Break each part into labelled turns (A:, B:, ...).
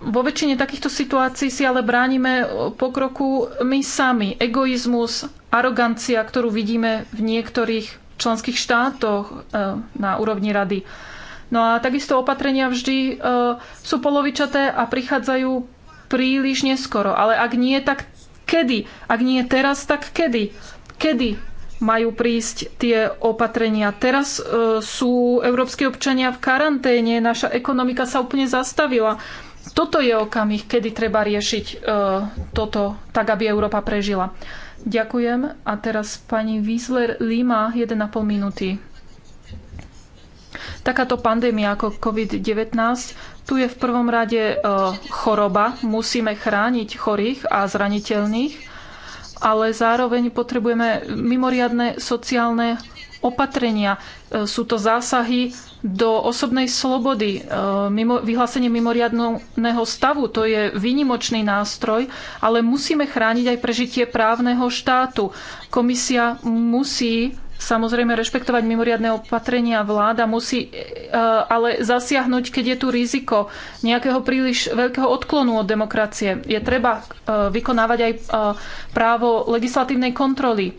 A: vo väčšine takýchto situácií si ale bránime pokroku my sami. Egoizmus, arogancia, ktorú vidíme v niektorých členských štátoch eh, na úrovni rady. No a takisto opatrenia vždy eh, sú polovičaté a prichádzajú príliš neskoro. Ale ak nie, tak kedy? Ak nie teraz, tak kedy? Kedy majú prísť tie opatrenia. Teraz eh, sú európsky občania v karanténe, naša ekonomika sa úplne zastavila toto je okamih, kedy treba riešiť e, toto, tak aby Európa prežila. Ďakujem. A teraz pani Wiesler Lima, 1,5 minúty. Takáto pandémia ako COVID-19, tu je v prvom rade e, choroba. Musíme chrániť chorých a zraniteľných, ale zároveň potrebujeme mimoriadne sociálne opatrenia, e, sú to zásahy do osobnej slobody, e, mimo, vyhlásenie mimoriadného stavu. To je výnimočný nástroj, ale musíme chrániť aj prežitie právneho štátu. Komisia musí samozrejme rešpektovať mimoriadne opatrenia vláda musí e, ale zasiahnuť, keď je tu riziko nejakého príliš veľkého odklonu od demokracie. Je treba vykonávať aj právo legislatívnej kontroly.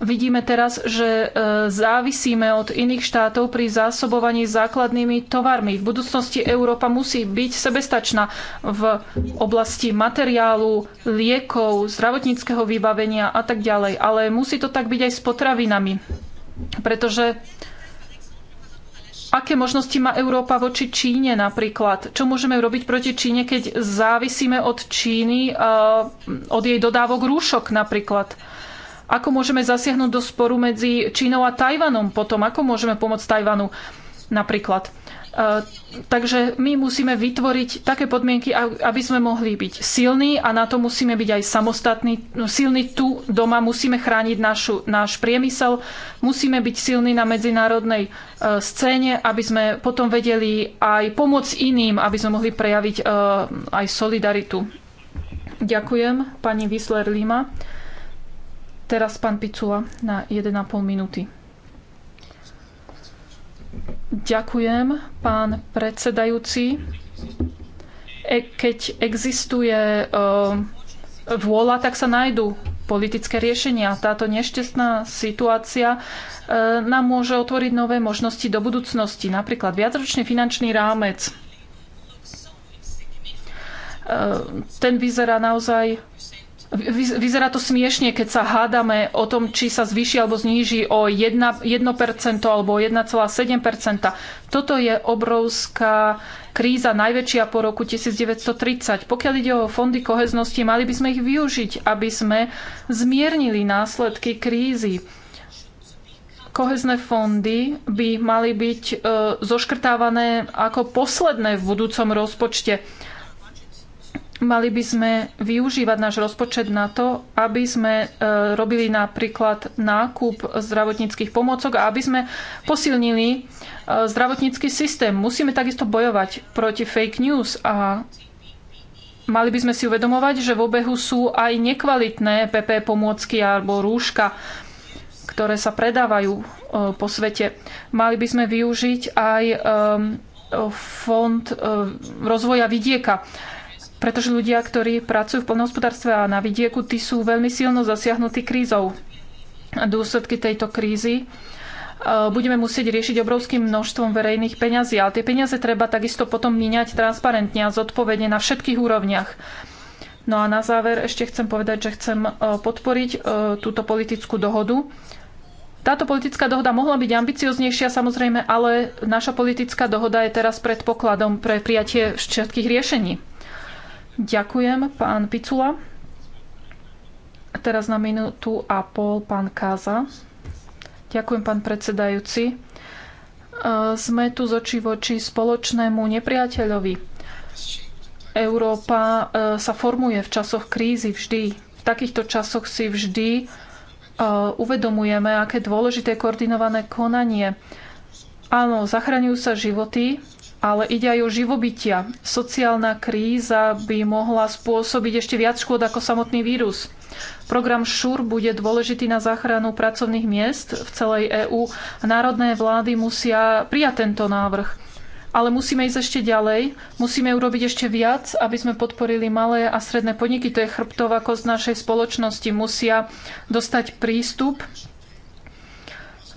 A: Vidíme teraz, že e, závisíme od iných štátov pri zásobovaní základnými tovarmi. V budúcnosti Európa musí byť sebestačná v oblasti materiálu, liekov, zdravotníckého vybavenia a tak ďalej. Ale musí to tak byť aj s potravinami, pretože aké možnosti má Európa voči Číne napríklad? Čo môžeme robiť proti Číne, keď závisíme od Číny, e, od jej dodávok rúšok napríklad? Ako môžeme zasiahnuť do sporu medzi Čínou a Tajvanom potom? Ako môžeme pomôcť Tajvanu napríklad? E, takže my musíme vytvoriť také podmienky, aby sme mohli byť silní a na to musíme byť aj samostatní. No, silní tu doma musíme chrániť našu, náš priemysel, musíme byť silní na medzinárodnej e, scéne, aby sme potom vedeli aj pomôcť iným, aby sme mohli prejaviť e, aj solidaritu. Ďakujem, pani Wiesler Lima. Teraz pán Picula na 1,5 minúty. Ďakujem, pán predsedajúci. E, keď existuje e, vôľa, tak sa nájdú politické riešenia. Táto nešťastná situácia e, nám môže otvoriť nové možnosti do budúcnosti, napríklad viacročný finančný rámec. E, ten vyzerá naozaj Vyzerá to smiešne, keď sa hádame o tom, či sa zvýši alebo zníži o 1, 1% alebo 1,7%. Toto je obrovská kríza, najväčšia po roku 1930. Pokiaľ ide o fondy koheznosti, mali by sme ich využiť, aby sme zmiernili následky krízy. Kohezné fondy by mali byť e, zoškrtávané ako posledné v budúcom rozpočte. Mali by sme využívať náš rozpočet na to, aby sme e, robili napríklad nákup zdravotníckých pomôcok a aby sme posilnili e, zdravotnícky systém. Musíme takisto bojovať proti fake news a mali by sme si uvedomovať, že v obehu sú aj nekvalitné PP pomôcky alebo rúška, ktoré sa predávajú e, po svete. Mali by sme využiť aj fond rozvoja vidieka. Pretože ľudia, ktorí pracujú v poľnohospodárstve a na vidieku, tí sú veľmi silno zasiahnutí krízou. A dôsledky tejto krízy e, budeme musieť riešiť obrovským množstvom verejných peňazí, ale tie peniaze treba takisto potom míňať transparentne a zodpovedne na všetkých úrovniach. No a na záver ešte chcem povedať, že chcem e, podporiť e, túto politickú dohodu. Táto politická dohoda mohla byť ambicioznejšia samozrejme, ale naša politická dohoda je teraz predpokladom pre prijatie všetkých riešení. Ďakujem, pán Picula. Teraz na minútu a pol pán Káza. Ďakujem, pán predsedajúci. E, sme tu z oči voči spoločnému nepriateľovi. Európa e, sa formuje v časoch krízy vždy. V takýchto časoch si vždy e, uvedomujeme, aké dôležité koordinované konanie. Áno, zachraňujú sa životy, ale ide aj o živobytia. Sociálna kríza by mohla spôsobiť ešte viac škôd ako samotný vírus. Program ŠUR bude dôležitý na záchranu pracovných miest v celej EÚ. Národné vlády musia prijať tento návrh. Ale musíme ísť ešte ďalej, musíme urobiť ešte viac, aby sme podporili malé a stredné podniky. To je chrbtová kosť našej spoločnosti. Musia dostať prístup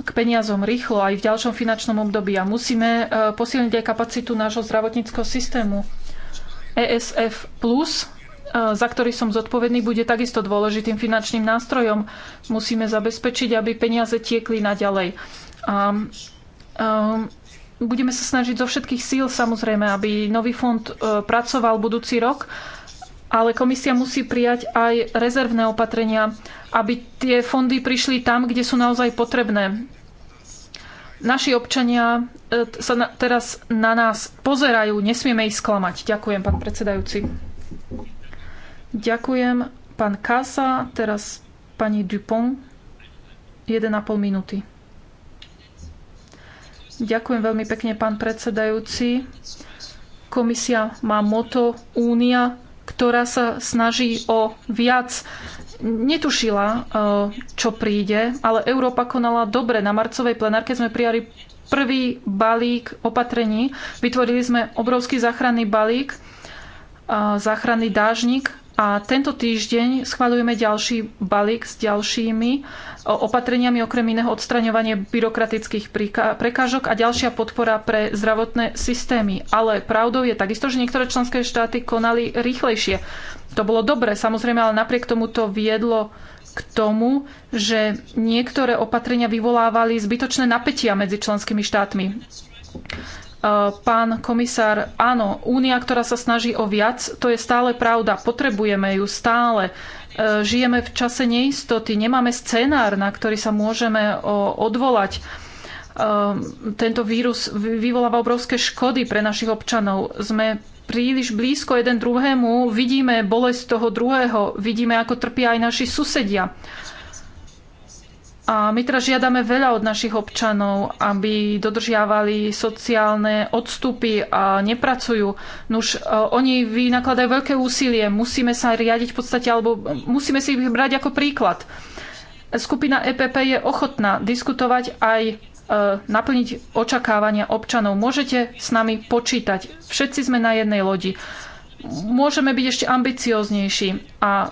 A: k peniazom rýchlo aj v ďalšom finančnom období a musíme e, posilniť aj kapacitu nášho zdravotníckého systému. ESF Plus, e, za ktorý som zodpovedný, bude takisto dôležitým finančným nástrojom. Musíme zabezpečiť, aby peniaze tiekli naďalej. A, a, e, budeme sa snažiť zo všetkých síl samozrejme, aby nový fond pracoval budúci rok, ale komisia musí prijať aj rezervné opatrenia aby tie fondy prišli tam, kde sú naozaj potrebné. Naši občania e, sa na, teraz na nás pozerajú, nesmieme ich sklamať. Ďakujem, pán predsedajúci. Ďakujem, pán Kasa, teraz pani Dupont, 1,5 minúty. Ďakujem veľmi pekne, pán predsedajúci. Komisia má moto Únia, ktorá sa snaží o viac netušila, eh, čo príde, ale Európa konala dobre. Na marcovej plenárke sme prijali prvý balík opatrení. Vytvorili sme obrovský záchranný balík, eh, záchranný dážnik a tento týždeň schváľujeme ďalší balík s ďalšími eh, opatreniami, okrem iného odstraňovanie byrokratických prekážok a ďalšia podpora pre zdravotné systémy. Ale pravdou je takisto, že niektoré členské štáty konali rýchlejšie to bolo dobre, samozrejme, ale napriek tomu to viedlo k tomu, že niektoré opatrenia vyvolávali zbytočné napätia medzi členskými štátmi. E, pán komisár, áno, únia, ktorá sa snaží o viac, to je stále pravda. Potrebujeme ju stále. E, žijeme v čase neistoty, nemáme scenár, na ktorý sa môžeme odvolať e, tento vírus vyvoláva obrovské škody pre našich občanov. Sme príliš blízko jeden druhému, vidíme bolesť toho druhého, vidíme, ako trpia aj naši susedia. A my teraz žiadame veľa od našich občanov, aby dodržiavali sociálne odstupy a nepracujú. Nuž, e, oni vynakladajú veľké úsilie, musíme sa riadiť v podstate, alebo musíme si ich brať ako príklad. Skupina EPP je ochotná diskutovať aj E, naplniť očakávania občanov. Môžete s nami počítať. Všetci sme na jednej lodi. Môžeme byť ešte ambicioznejší. A e,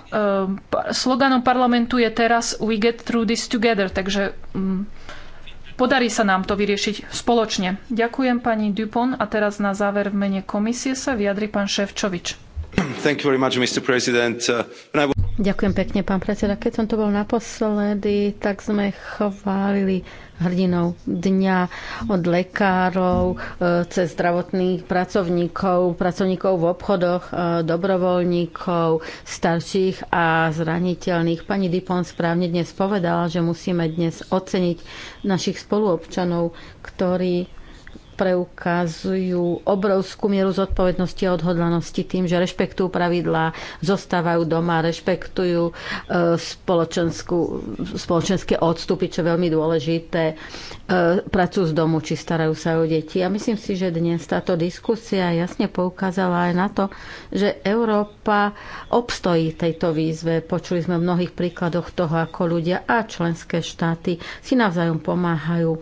A: sloganom parlamentu je teraz We get through this together. Takže mm, podarí sa nám to vyriešiť spoločne. Ďakujem pani Dupon a teraz na záver v mene komisie sa vyjadri pán Ševčovič.
B: Much, uh,
A: Ďakujem pekne, pán predseda. Keď
B: som to bol naposledy, tak sme chválili hrdinou dňa, od lekárov, e, cez zdravotných pracovníkov, pracovníkov v obchodoch, e, dobrovoľníkov, starších a zraniteľných. Pani Dipon správne dnes povedala, že musíme dnes oceniť našich spoluobčanov, ktorí preukazujú obrovskú mieru zodpovednosti a odhodlanosti tým, že rešpektujú pravidlá, zostávajú doma, rešpektujú e, spoločenské odstupy, čo je veľmi dôležité, e, pracujú z domu, či starajú sa o deti. A myslím si, že dnes táto diskusia jasne poukázala aj na to, že Európa obstojí tejto výzve. Počuli sme v mnohých príkladoch toho, ako ľudia a členské štáty si navzájom pomáhajú,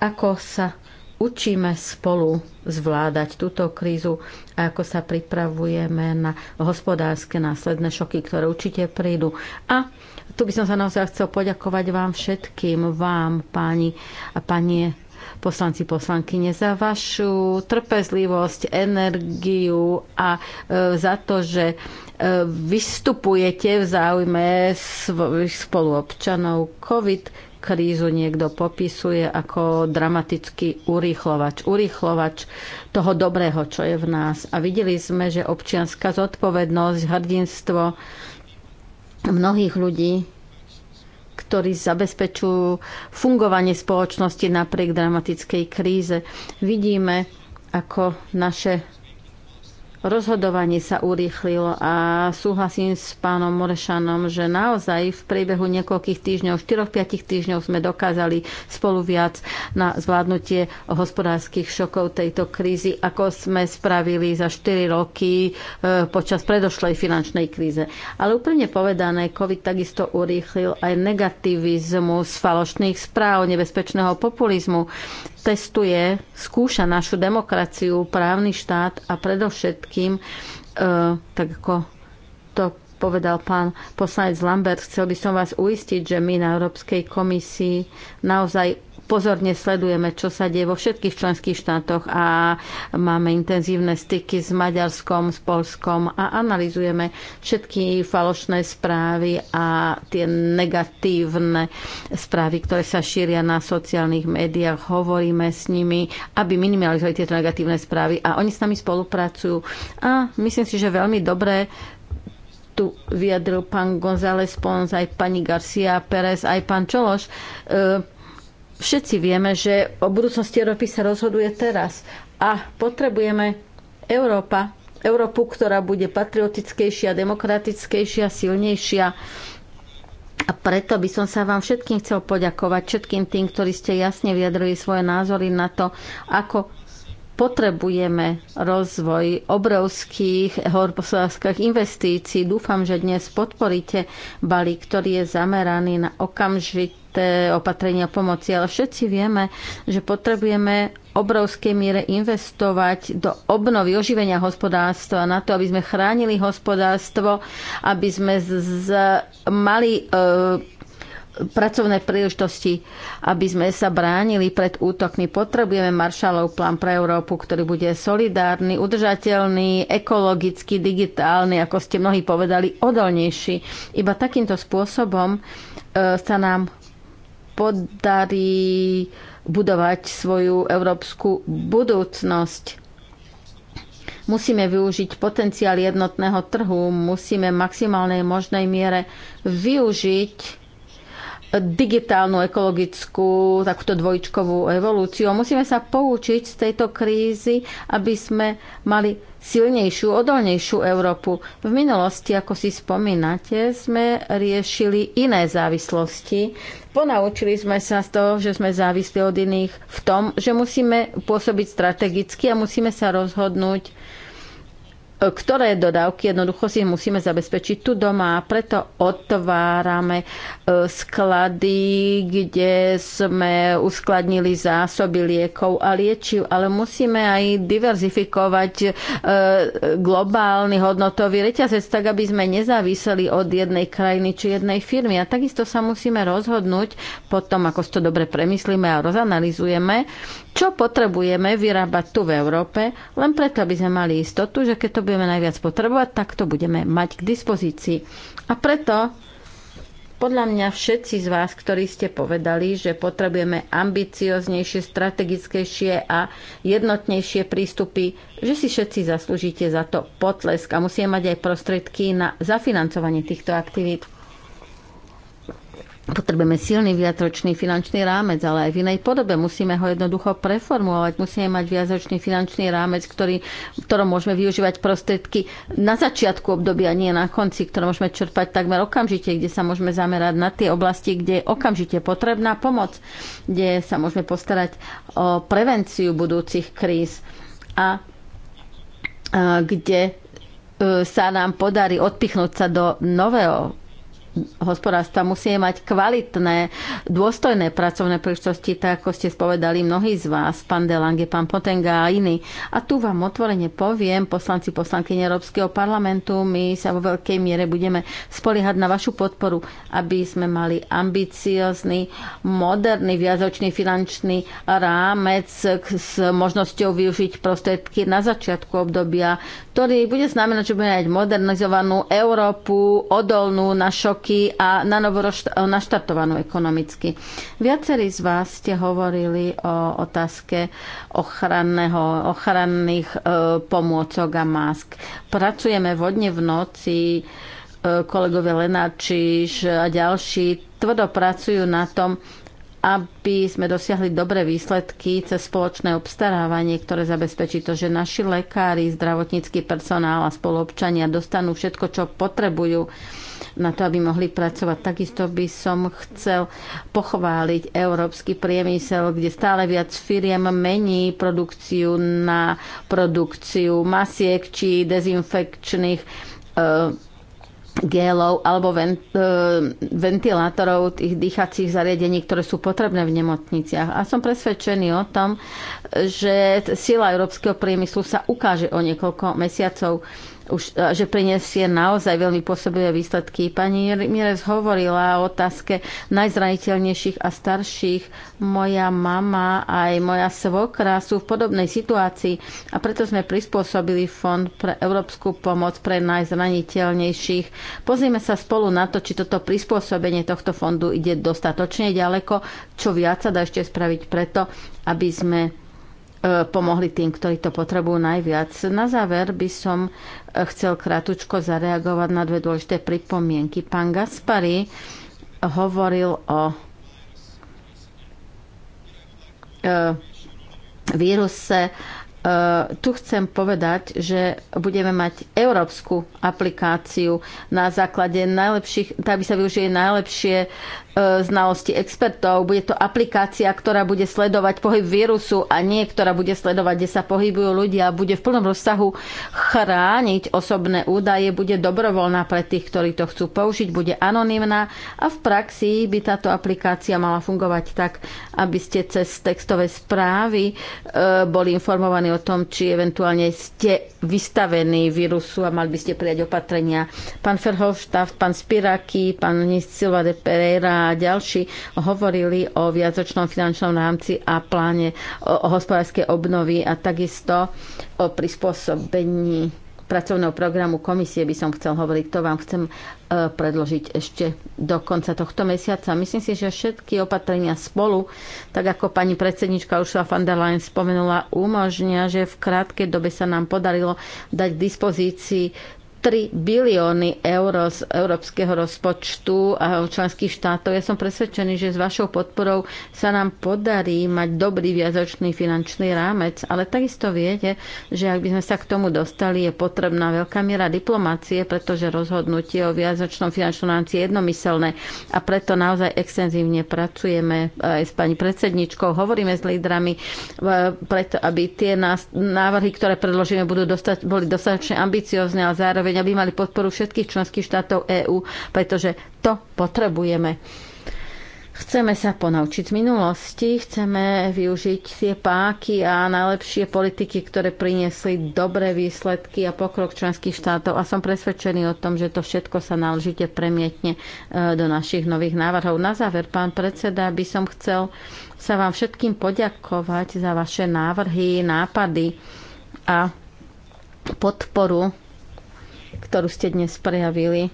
B: ako sa učíme spolu zvládať túto krízu a ako sa pripravujeme na hospodárske následné šoky, ktoré určite prídu. A tu by som sa naozaj chcel poďakovať vám všetkým, vám, páni a panie poslanci, poslankyne, za vašu trpezlivosť, energiu a e, za to, že e, vystupujete v záujme svojich spoluobčanov. COVID krízu niekto popisuje ako dramatický urýchlovač. Urýchlovač toho dobrého, čo je v nás. A videli sme, že občianská zodpovednosť, hrdinstvo mnohých ľudí, ktorí zabezpečujú fungovanie spoločnosti napriek dramatickej kríze. Vidíme, ako naše rozhodovanie sa urýchlilo a súhlasím s pánom Morešanom, že naozaj v priebehu niekoľkých týždňov, 4-5 týždňov sme dokázali spolu viac na zvládnutie hospodárskych šokov tejto krízy, ako sme spravili za 4 roky e, počas predošlej finančnej kríze. Ale úplne povedané, COVID takisto urýchlil aj negativizmus falošných správ, nebezpečného populizmu, testuje, skúša našu demokraciu, právny štát a predovšetkým, e, tak ako to povedal pán poslanec Lambert, chcel by som vás uistiť, že my na Európskej komisii naozaj pozorne sledujeme, čo sa deje vo všetkých členských štátoch a máme intenzívne styky s Maďarskom, s Polskom a analizujeme všetky falošné správy a tie negatívne správy, ktoré sa šíria na sociálnych médiách. Hovoríme s nimi, aby minimalizovali tieto negatívne správy a oni s nami spolupracujú. A myslím si, že veľmi dobré tu vyjadril pán González Pons, aj pani Garcia Pérez, aj pán Čološ. E, Všetci vieme, že o budúcnosti Európy sa rozhoduje teraz a potrebujeme Európa, Európu, ktorá bude patriotickejšia, demokratickejšia, silnejšia. A preto by som sa vám všetkým chcel poďakovať, všetkým tým, ktorí ste jasne vyjadrili svoje názory na to, ako potrebujeme rozvoj obrovských horposlávských investícií. Dúfam, že dnes podporíte balík, ktorý je zameraný na okamžit určité opatrenia pomoci, ale všetci vieme, že potrebujeme obrovskej miere investovať do obnovy, oživenia hospodárstva, na to, aby sme chránili hospodárstvo, aby sme z, mali e, pracovné príležitosti, aby sme sa bránili pred útokmi. Potrebujeme Maršalov plán pre Európu, ktorý bude solidárny, udržateľný, ekologický, digitálny, ako ste mnohí povedali, odolnejší. Iba takýmto spôsobom e, sa nám podarí budovať svoju európsku budúcnosť. Musíme využiť potenciál jednotného trhu, musíme v maximálnej možnej miere využiť digitálnu ekologickú takúto dvojčkovú evolúciu. Musíme sa poučiť z tejto krízy, aby sme mali silnejšiu, odolnejšiu Európu. V minulosti, ako si spomínate, sme riešili iné závislosti. Ponaučili sme sa z toho, že sme závisli od iných v tom, že musíme pôsobiť strategicky a musíme sa rozhodnúť, ktoré dodávky jednoducho si musíme zabezpečiť tu doma a preto otvárame e, sklady, kde sme uskladnili zásoby liekov a liečiv, ale musíme aj diverzifikovať e, globálny hodnotový reťazec, tak aby sme nezáviseli od jednej krajiny či jednej firmy. A takisto sa musíme rozhodnúť potom, ako si to dobre premyslíme a rozanalizujeme, čo potrebujeme vyrábať tu v Európe, len preto, aby sme mali istotu, že keď to budeme najviac potrebovať, tak to budeme mať k dispozícii. A preto podľa mňa všetci z vás, ktorí ste povedali, že potrebujeme ambicioznejšie, strategickejšie a jednotnejšie prístupy, že si všetci zaslúžite za to potlesk a musíme mať aj prostriedky na zafinancovanie týchto aktivít. Potrebujeme silný viacročný finančný rámec, ale aj v inej podobe. Musíme ho jednoducho preformulovať. Musíme mať viacročný finančný rámec, ktorý, v ktorom môžeme využívať prostriedky na začiatku obdobia, nie na konci, ktoré môžeme čerpať takmer okamžite, kde sa môžeme zamerať na tie oblasti, kde je okamžite potrebná pomoc, kde sa môžeme postarať o prevenciu budúcich kríz a, a kde e, sa nám podarí odpichnúť sa do nového hospodárstva. musí mať kvalitné, dôstojné pracovné príležitosti, tak ako ste spovedali mnohí z vás, pán Delange, pán Potenga a iní. A tu vám otvorene poviem, poslanci poslanky Európskeho parlamentu, my sa vo veľkej miere budeme spoliehať na vašu podporu, aby sme mali ambiciózny, moderný, viazočný finančný rámec s možnosťou využiť prostriedky na začiatku obdobia ktorý bude znamenať, že budeme mať modernizovanú Európu, odolnú na šoky a na novo naštartovanú ekonomicky. Viacerí z vás ste hovorili o otázke ochranného, ochranných e, pomôcok a mask. Pracujeme vodne v noci, e, kolegovia Lenáčiš a ďalší tvrdo pracujú na tom, aby sme dosiahli dobré výsledky cez spoločné obstarávanie, ktoré zabezpečí to, že naši lekári, zdravotnícky personál a spoluobčania dostanú všetko, čo potrebujú na to, aby mohli pracovať. Takisto by som chcel pochváliť európsky priemysel, kde stále viac firiem mení produkciu na produkciu masiek či dezinfekčných e, gélov alebo ven, e, ventilátorov tých dýchacích zariadení, ktoré sú potrebné v nemocniciach. A som presvedčený o tom, že sila európskeho priemyslu sa ukáže o niekoľko mesiacov už, že prinesie naozaj veľmi pôsobivé výsledky. Pani Mirez hovorila o otázke najzraniteľnejších a starších. Moja mama aj moja svokra sú v podobnej situácii a preto sme prispôsobili Fond pre európsku pomoc pre najzraniteľnejších. Pozrime sa spolu na to, či toto prispôsobenie tohto fondu ide dostatočne ďaleko, čo viac sa dá ešte spraviť preto, aby sme E, pomohli tým, ktorí to potrebujú najviac. Na záver by som e, chcel krátko zareagovať na dve dôležité pripomienky. Pán Gaspari hovoril o e, víruse. Tu chcem povedať, že budeme mať európsku aplikáciu na základe najlepších, tak by sa využili najlepšie E, znalosti expertov. Bude to aplikácia, ktorá bude sledovať pohyb vírusu a nie, ktorá bude sledovať, kde sa pohybujú ľudia a bude v plnom rozsahu chrániť osobné údaje, bude dobrovoľná pre tých, ktorí to chcú použiť, bude anonymná a v praxi by táto aplikácia mala fungovať tak, aby ste cez textové správy e, boli informovaní o tom, či eventuálne ste vystavení vírusu a mali by ste prijať opatrenia. Pán Ferhofštát, pán Spiraky, pán Silva de Pereira, a ďalší hovorili o viacročnom finančnom rámci a pláne o, o hospodárskej obnovy a takisto o prispôsobení pracovného programu komisie by som chcel hovoriť. To vám chcem e, predložiť ešte do konca tohto mesiaca. Myslím si, že všetky opatrenia spolu, tak ako pani predsednička Ursula von der Leyen spomenula, umožnia, že v krátkej dobe sa nám podarilo dať k dispozícii 3 bilióny eur z európskeho rozpočtu a členských štátov. Ja som presvedčený, že s vašou podporou sa nám podarí mať dobrý viazočný finančný rámec, ale takisto viete, že ak by sme sa k tomu dostali, je potrebná veľká miera diplomácie, pretože rozhodnutie o viazočnom finančnom rámci je jednomyselné a preto naozaj extenzívne pracujeme aj eh, s pani predsedničkou, hovoríme s lídrami, eh, preto aby tie návrhy, ktoré predložíme, budú dostať, boli dostatočne ambiciozne, a zároveň vyjadrenia aby mali podporu všetkých členských štátov EÚ, pretože to potrebujeme. Chceme sa ponaučiť z minulosti, chceme využiť tie páky a najlepšie politiky, ktoré priniesli dobré výsledky a pokrok členských štátov a som presvedčený o tom, že to všetko sa náležite premietne e, do našich nových návrhov. Na záver, pán predseda, by som chcel sa vám všetkým poďakovať za vaše návrhy, nápady a podporu ktorú ste dnes prejavili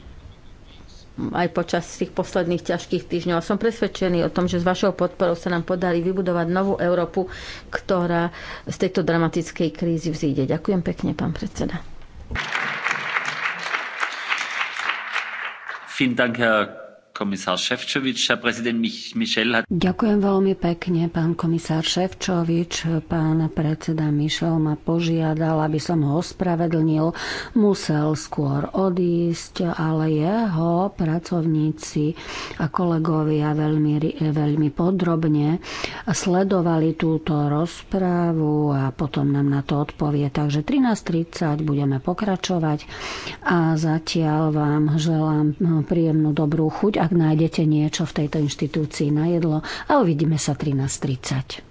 B: aj počas tých posledných ťažkých týždňov. Som presvedčený o tom, že s vašou podporou sa nám podarí vybudovať novú Európu, ktorá z tejto dramatickej krízy vzíde. Ďakujem pekne, pán predseda. Vielen Dank, Herr komisár Ševčovič a prezident Michel. Ďakujem veľmi pekne, pán komisár Ševčovič. Pán predseda Michel ma požiadal, aby som ho ospravedlnil. Musel skôr odísť, ale jeho pracovníci a kolegovia veľmi, veľmi podrobne sledovali túto rozprávu a potom nám na to odpovie. Takže 13.30 budeme pokračovať a zatiaľ vám želám no, príjemnú dobrú chuť a ak nájdete niečo v tejto inštitúcii na jedlo a uvidíme sa 13.30.